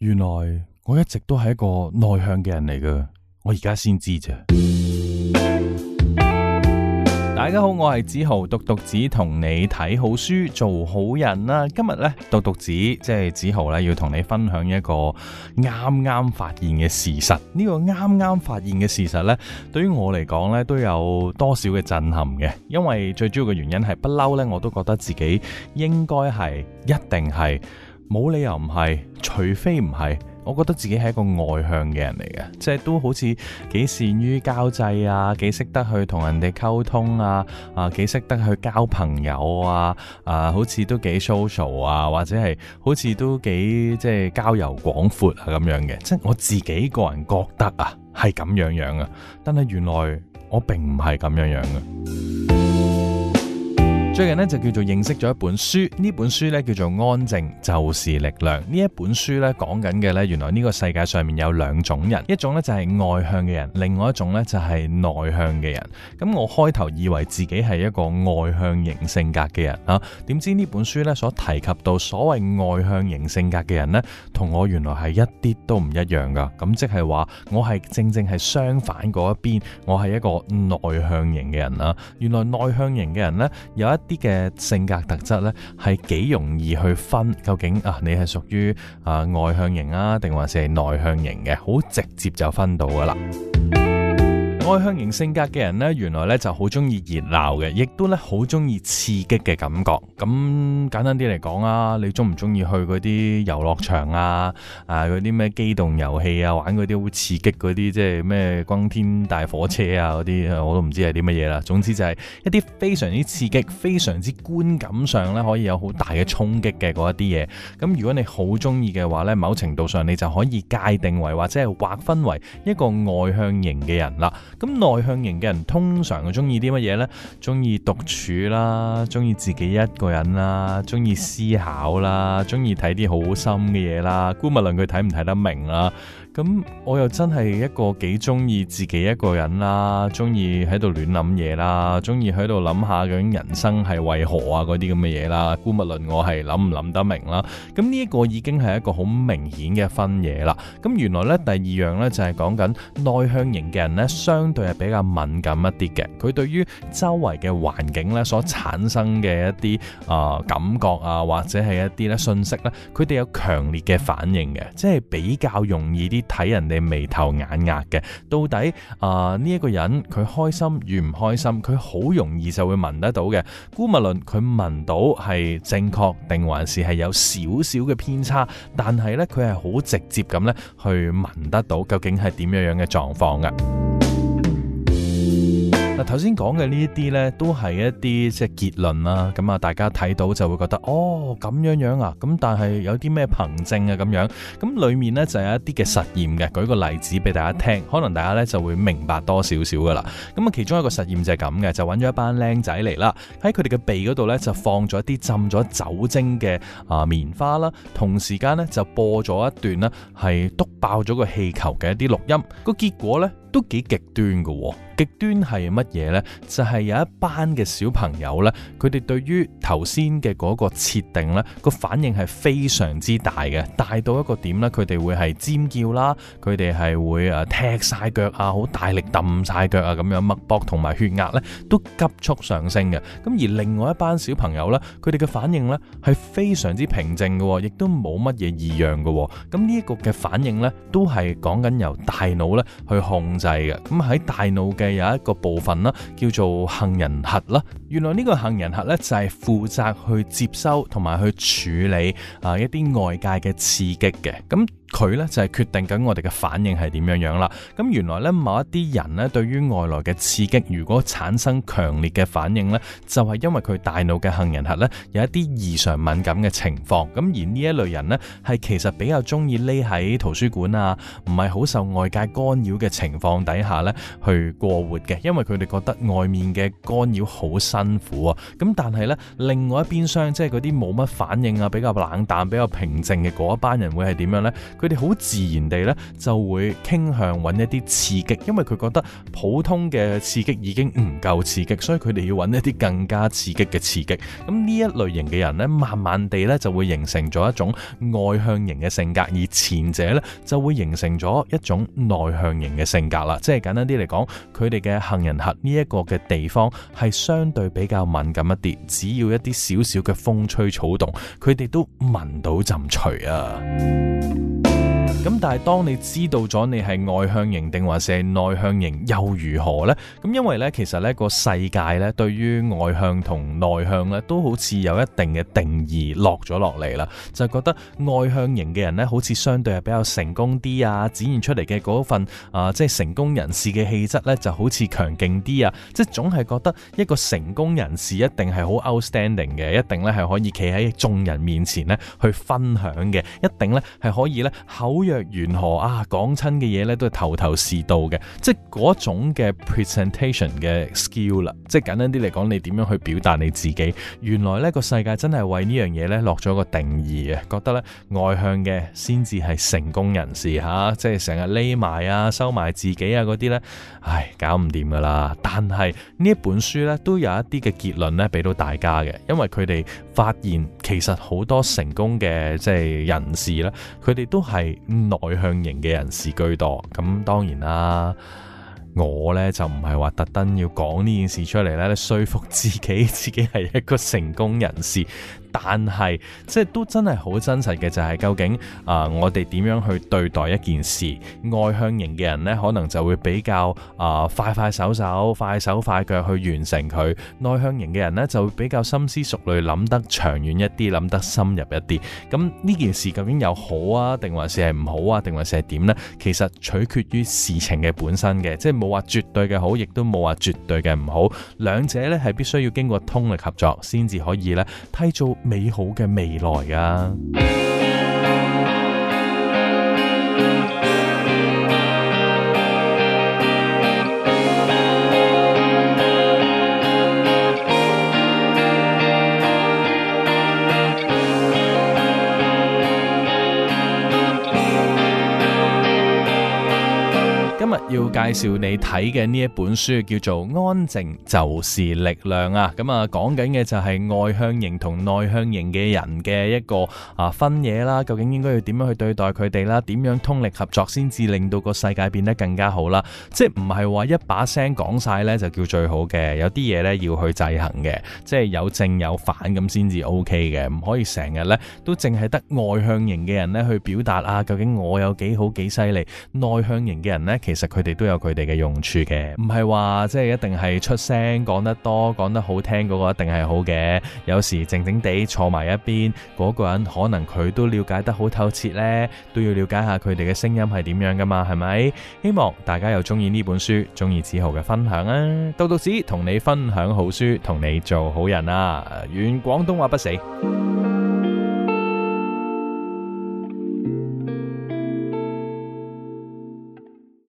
原來我一直都係一個內向嘅人嚟㗎，我而家先知啫。大家好，我係梓豪，獨讀子同你睇好書，做好人啦。今日呢，獨讀子即係梓豪呢要同你分享一個啱啱發現嘅事實。呢個啱啱發現嘅事實呢，對於我嚟講呢，都有多少嘅震撼嘅。因為最主要嘅原因係不嬲呢，我都覺得自己應該係一定係。冇理由唔係，除非唔係。我覺得自己係一個外向嘅人嚟嘅，即係都好似幾善於交際啊，幾識得去同人哋溝通啊，啊幾識得去交朋友啊，啊好似都幾 social 啊，或者係好似都幾即係交遊廣闊啊咁樣嘅。即係、啊、我自己個人覺得啊，係咁樣樣嘅，但係原來我並唔係咁樣樣嘅。最近呢，就叫做認識咗一本書，呢本書呢，叫做《安靜就是力量》。呢一本書呢，講緊嘅呢，原來呢個世界上面有兩種人，一種呢，就係外向嘅人，另外一種呢，就係內向嘅人。咁我開頭以為自己係一個外向型性格嘅人，吓、啊，點知呢本書呢，所提及到所謂外向型性格嘅人呢，同我原來係一啲都唔一樣噶。咁即係話我係正正係相反嗰一邊，我係一個內向型嘅人啦、啊。原來內向型嘅人呢，有一。啲嘅性格特質呢，係幾容易去分，究竟啊你係屬於啊外向型啊，定還是係內向型嘅，好直接就分到㗎喇。外向型性格嘅人呢，原來呢就好中意熱鬧嘅，亦都呢好中意刺激嘅感覺。咁簡單啲嚟講啊，你中唔中意去嗰啲遊樂場啊？啊，嗰啲咩機動遊戲啊，玩嗰啲好刺激嗰啲，即係咩光天大火車啊嗰啲，我都唔知係啲乜嘢啦。總之就係一啲非常之刺激、非常之觀感上呢，可以有好大嘅衝擊嘅嗰一啲嘢。咁如果你好中意嘅話呢，某程度上你就可以界定為或者係劃分為一個外向型嘅人啦。咁內向型嘅人通常會中意啲乜嘢呢？中意獨處啦，中意自己一個人啦，中意思考啦，中意睇啲好深嘅嘢啦，姑勿論佢睇唔睇得明啦、啊？咁我又真係一個幾中意自己一個人啦，中意喺度亂諗嘢啦，中意喺度諗下究竟人生係為何啊嗰啲咁嘅嘢啦。姑勿論我係諗唔諗得明啦，咁呢一個已經係一個好明顯嘅分野啦。咁原來咧第二樣咧就係講緊內向型嘅人咧，相對係比較敏感一啲嘅。佢對於周圍嘅環境咧所產生嘅一啲啊、呃、感覺啊，或者係一啲咧信息咧，佢哋有強烈嘅反應嘅，即係比較容易啲。睇人哋眉頭眼額嘅，到底啊呢一個人佢開心與唔開心，佢好容易就會聞得到嘅。姑勿論佢聞到係正確定還是係有少少嘅偏差，但係呢，佢係好直接咁呢去聞得到，究竟係點樣樣嘅狀況噶。嗱，頭先講嘅呢一啲呢，都係一啲即係結論啦。咁啊，大家睇到就會覺得哦，咁樣樣啊。咁但係有啲咩憑證啊咁樣？咁裡面呢，就有一啲嘅實驗嘅。舉個例子俾大家聽，可能大家呢就會明白多少少噶啦。咁啊，其中一個實驗就係咁嘅，就揾咗一班靚仔嚟啦，喺佢哋嘅鼻嗰度呢，就放咗一啲浸咗酒精嘅啊棉花啦，同時間呢，就播咗一段啦係篤爆咗個氣球嘅一啲錄音。個結果呢，都幾極端嘅喎，極端係乜嘢咧？就係有一班嘅小朋友咧，佢哋對於頭先嘅嗰個設定咧，個反應係非常之大嘅，大到一個點咧，佢哋會係尖叫啦，佢哋係會誒踢晒腳啊，好大力揼晒腳啊，咁樣脈搏同埋血壓咧都急速上升嘅。咁而另外一班小朋友咧，佢哋嘅反應咧係非常之平靜嘅，亦都冇乜嘢異樣嘅。咁呢一個嘅反應咧，都係講緊由大腦咧去控制嘅。咁喺大腦嘅有一個部分啦，叫做杏仁核啦。原來呢個杏仁核咧，就係負責去接收同埋去處理啊一啲外界嘅刺激嘅咁。佢咧就係決定緊我哋嘅反應係點樣樣啦。咁原來咧，某一啲人呢，對於外來嘅刺激，如果產生強烈嘅反應呢，就係因為佢大腦嘅杏仁核呢有一啲異常敏感嘅情況。咁而呢一類人呢，係其實比較中意匿喺圖書館啊，唔係好受外界干擾嘅情況底下呢，去過活嘅，因為佢哋覺得外面嘅干擾好辛苦啊。咁但係呢另外一邊廂即係嗰啲冇乜反應啊，比較冷淡、比較平靜嘅嗰一班人會係點樣呢？佢哋好自然地呢，就會傾向揾一啲刺激，因為佢覺得普通嘅刺激已經唔夠刺激，所以佢哋要揾一啲更加刺激嘅刺激。咁呢一類型嘅人呢，慢慢地呢，就會形成咗一種外向型嘅性格，而前者呢，就會形成咗一種內向型嘅性格啦。即係簡單啲嚟講，佢哋嘅杏仁核呢一個嘅地方係相對比較敏感一啲，只要一啲小小嘅風吹草動，佢哋都聞到陣除啊！咁但係當你知道咗你係外向型定還是內向型又如何咧？咁因為咧，其實咧個世界咧對於外向同內向咧都好似有一定嘅定義落咗落嚟啦，就係覺得外向型嘅人咧好似相對係比較成功啲啊，展現出嚟嘅嗰份啊即係成功人士嘅氣質咧就好似強勁啲啊，即係總係覺得一個成功人士一定係好 outstanding 嘅，一定咧係可以企喺眾人面前咧去分享嘅，一定咧係可以咧口。若緣何啊，講親嘅嘢咧都係頭頭是道嘅，即係嗰種嘅 presentation 嘅 skill 啦，即係簡單啲嚟講，你點樣去表達你自己？原來呢個世界真係為呢樣嘢咧落咗個定義嘅，覺得呢外向嘅先至係成功人士吓、啊，即係成日匿埋啊、收埋自己啊嗰啲、啊、呢，唉，搞唔掂噶啦。但係呢一本書呢，都有一啲嘅結論咧，俾到大家嘅，因為佢哋。發現其實好多成功嘅即係人士咧，佢哋都係內向型嘅人士居多。咁當然啦，我呢就唔係話特登要講呢件事出嚟咧，說服自己自己係一個成功人士。但係即係都真係好真實嘅就係、是、究竟啊、呃、我哋點樣去對待一件事？外向型嘅人呢，可能就會比較啊、呃、快快手手快手快腳去完成佢，內向型嘅人呢，就會比較深思熟慮，諗得長遠一啲，諗得深入一啲。咁呢件事究竟有好啊，定還是係唔好啊，定還是係點呢？其實取決於事情嘅本身嘅，即係冇話絕對嘅好，亦都冇話絕對嘅唔好。兩者呢，係必須要經過通力合作先至可以呢。替做。美好嘅未來啊！今日要介紹你睇嘅呢一本書叫做《安靜就是力量》啊，咁啊講緊嘅就係外向型同內向型嘅人嘅一個啊分野啦，究竟應該要點樣去對待佢哋啦？點樣通力合作先至令到個世界變得更加好啦？即係唔係話一把聲講晒呢就叫最好嘅，有啲嘢呢要去制衡嘅，即係有正有反咁先至 OK 嘅，唔可以成日呢都淨係得外向型嘅人呢去表達啊，究竟我有幾好幾犀利？內向型嘅人呢？其其實佢哋都有佢哋嘅用處嘅，唔係話即係一定係出聲講得多、講得好聽嗰個一定係好嘅。有時靜靜地坐埋一邊，嗰個人可能佢都了解得好透徹呢，都要了解下佢哋嘅聲音係點樣㗎嘛？係咪？希望大家又鍾意呢本書，鍾意梓豪嘅分享啊！獨讀子同你分享好書，同你做好人啊！願廣東話不死。